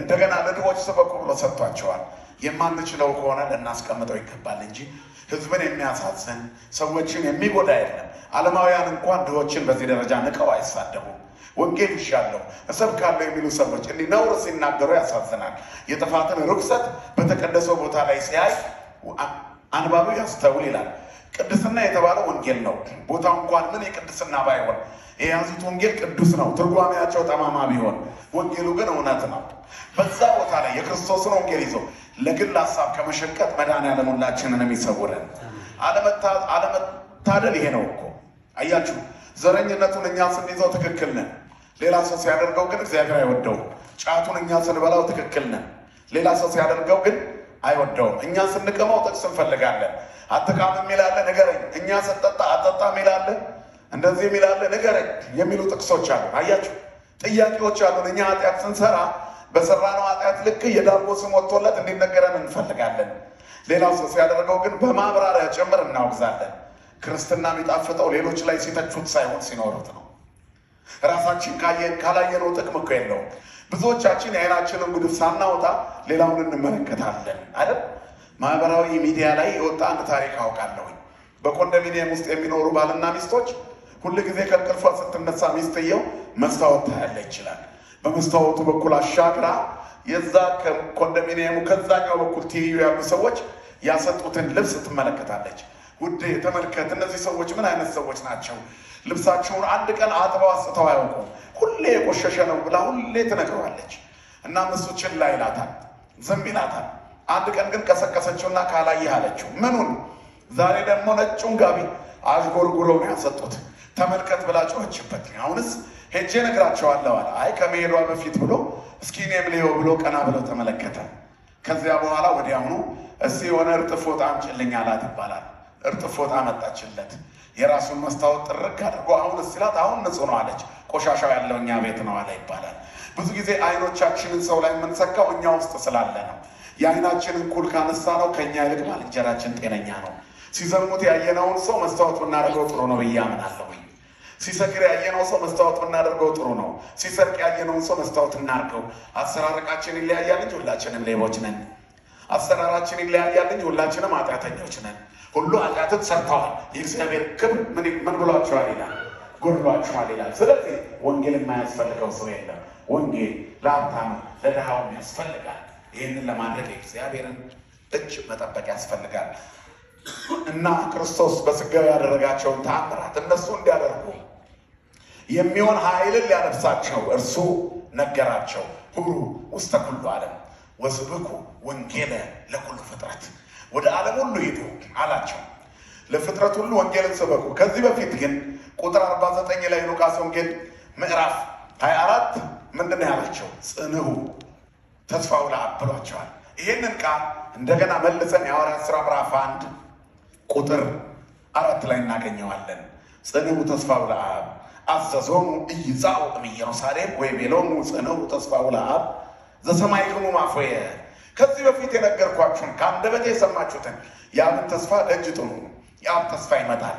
እንደገና ለድሆች ስበኩ ብሎ ሰጥቷቸዋል። የማንችለው ከሆነ ልናስቀምጠው ይገባል እንጂ ህዝብን የሚያሳዝን ሰዎችን የሚጎዳ የለም። ዓለማውያን እንኳን ድሆችን በዚህ ደረጃ ንቀው አይሳደቡም። ወንጌል ይሻለሁ እሰብካለሁ የሚሉ ሰዎች እንዲህ ነውር ሲናገሩ ያሳዝናል። የጥፋትን ርኩሰት በተቀደሰው ቦታ ላይ ሲያይ አንባቢ ያስተውል ይላል። ቅድስና የተባለ ወንጌል ነው። ቦታ እንኳን ምን የቅድስና ባይሆን የያዙት ወንጌል ቅዱስ ነው፣ ትርጓሜያቸው ጠማማ ቢሆን፣ ወንጌሉ ግን እውነት ነው። በዛ ቦታ ላይ የክርስቶስን ወንጌል ይዞ ለግል ሀሳብ ከመሸቀጥ መድኃኔዓለም ሁላችንንም የሚሰውረን አለመታደል ይሄ ነው እኮ አያችሁ። ዘረኝነቱን እኛ ስንይዘው ትክክል ነን፣ ሌላ ሰው ሲያደርገው ግን እግዚአብሔር አይወደውም። ጫቱን እኛ ስንበላው ትክክል ነን፣ ሌላ ሰው ሲያደርገው ግን አይወደውም። እኛ ስንቅመው ጥቅስ እንፈልጋለን። አትቃም የሚላለ ንገረኝ። እኛ ስንጠጣ አጠጣ የሚላለ እንደዚህ የሚላለ ንገረኝ የሚሉ ጥቅሶች አሉ። አያችሁ ጥያቄዎች አሉ። እኛ ኃጢአት ስንሰራ በሰራነው ኃጢአት ልክ የዳርጎ ስም ወጥቶለት እንዲነገረን እንፈልጋለን። ሌላው ሰው ሲያደርገው ግን በማብራሪያ ጭምር እናወግዛለን። ክርስትና የሚጣፍጠው ሌሎች ላይ ሲተቹት ሳይሆን ሲኖሩት ነው። ራሳችን ካየን ካላየነው ጥቅም እኮ የለውም። ብዙዎቻችን የአይናችንን ጉድፍ ሳናወጣ ሌላውን እንመለከታለን አይደል? ማህበራዊ ሚዲያ ላይ የወጣ አንድ ታሪክ አውቃለሁኝ። በኮንዶሚኒየም ውስጥ የሚኖሩ ባልና ሚስቶች ሁል ጊዜ ከእንቅልፏ ስትነሳ ሚስትየው መስታወት ታያለች ይችላል። በመስታወቱ በኩል አሻግራ የዛ ኮንዶሚኒየሙ ከዛኛው በኩል ትይዩ ያሉ ሰዎች ያሰጡትን ልብስ ትመለከታለች። ውዴ ተመልከት፣ እነዚህ ሰዎች ምን አይነት ሰዎች ናቸው? ልብሳቸውን አንድ ቀን አጥበው አስጥተው አያውቁም፣ ሁሌ የቆሸሸ ነው ብላ ሁሌ ትነግረዋለች። እና እሱ ችላ ይላታል፣ ዝም ይላታል። አንድ ቀን ግን ቀሰቀሰችውና ካላየህ አለችው። ምኑን? ዛሬ ደግሞ ነጩን ጋቢ አዥጎርጉረው ነው ያሰጡት ተመልከት ብላ ጮኸችበት። አሁንስ ሄጄ እነግራቸዋለሁ አለ። አይ ከመሄዷ በፊት ብሎ እስኪ እኔም ልየው ብሎ ቀና ብሎ ተመለከተ። ከዚያ በኋላ ወዲያውኑ እስቲ የሆነ እርጥፎጣ ፎጣ አምጪልኝ አላት ይባላል። እርጥፎጣ መጣችለት። የራሱን መስታወት ጥርግ አድርጎ አሁን እስኪላት አሁን ንጹህ ነው አለች። ቆሻሻው ያለው እኛ ቤት ነው አለ ይባላል። ብዙ ጊዜ አይኖቻችንን ሰው ላይ የምንሰካው እኛ ውስጥ ስላለ ነው። የአይናችንን ኩል ካነሳ ነው ከእኛ ይልቅ ባልንጀራችን ጤነኛ ነው። ሲዘሙት ያየነውን ሰው መስታወት እናደርገው ጥሩ ነው ብዬ አምናለሁ። ሲሰክር ያየነው ሰው መስታወት ብናደርገው ጥሩ ነው። ሲሰርቅ ያየነውን ሰው መስታወት እናድርገው። አሰራረቃችን ይለያያል እንጂ ሁላችንም ሌቦች ነን። አሰራራችን ይለያያል እንጂ ሁላችንም ኃጢአተኞች ነን። ሁሉ ኃጢአትን ሰርተዋል፣ የእግዚአብሔር ክብር ምን ብሏቸዋል ይላል ጎድሏቸዋል ይላል። ስለዚህ ወንጌል የማያስፈልገው ሰው የለም። ወንጌል ለሀብታም ለድሃውም ያስፈልጋል። ይህንን ለማድረግ የእግዚአብሔርን እጅ መጠበቅ ያስፈልጋል። እና ክርስቶስ በስጋው ያደረጋቸውን ተአምራት እነሱ እንዲያደርጉ የሚሆን ኃይልን ሊያለብሳቸው እርሱ ነገራቸው። ሁሉ ውስተ ኩሉ ዓለም ወስብኩ ወንጌለ ለኩሉ ፍጥረት፣ ወደ ዓለም ሁሉ ሂዱ አላቸው። ለፍጥረት ሁሉ ወንጌልን ስበኩ። ከዚህ በፊት ግን ቁጥር 49 ላይ ሉቃስ ወንጌል ምዕራፍ 24 ምንድን ነው ያላቸው? ጽንሁ ተስፋው ለአብ ይህንን ቃል እንደገና መልሰን የሐዋርያት ሥራ ምዕራፍ አንድ ቁጥር አራት ላይ እናገኘዋለን። ጽንዑ ተስፋ ለአብ አዘዞሙ ኢይጻኡ እምኢየሩሳሌም ወይቤሎሙ ጽንዑ ተስፋ ለአብ ዘሰማዕክሙ ማፎየ። ከዚህ በፊት የነገርኳችሁን ከአንደበቴ የሰማችሁትን የአብን ተስፋ ደጅ ጥኑ። የአብ ተስፋ ይመጣል፣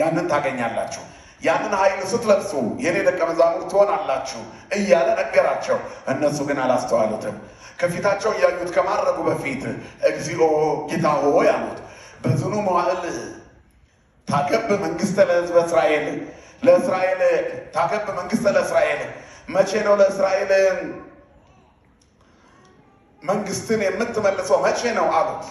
ያንን ታገኛላችሁ። ያንን ኃይል ስትለብሱ የኔ ደቀ መዛሙርት ትሆናላችሁ እያለ ነገራቸው። እነሱ ግን አላስተዋሉትም። ከፊታቸው እያዩት ከማረጉ በፊት እግዚኦ ጌታ ሆይ አሉት። በዝኑ መዋዕል ታከብ መንግስተ ለህዝበ እስራኤል ለእስራኤል ታከብ መንግስተ ለእስራኤል መቼ ነው ለእስራኤል መንግስትን የምትመልሰው መቼ ነው አሉት።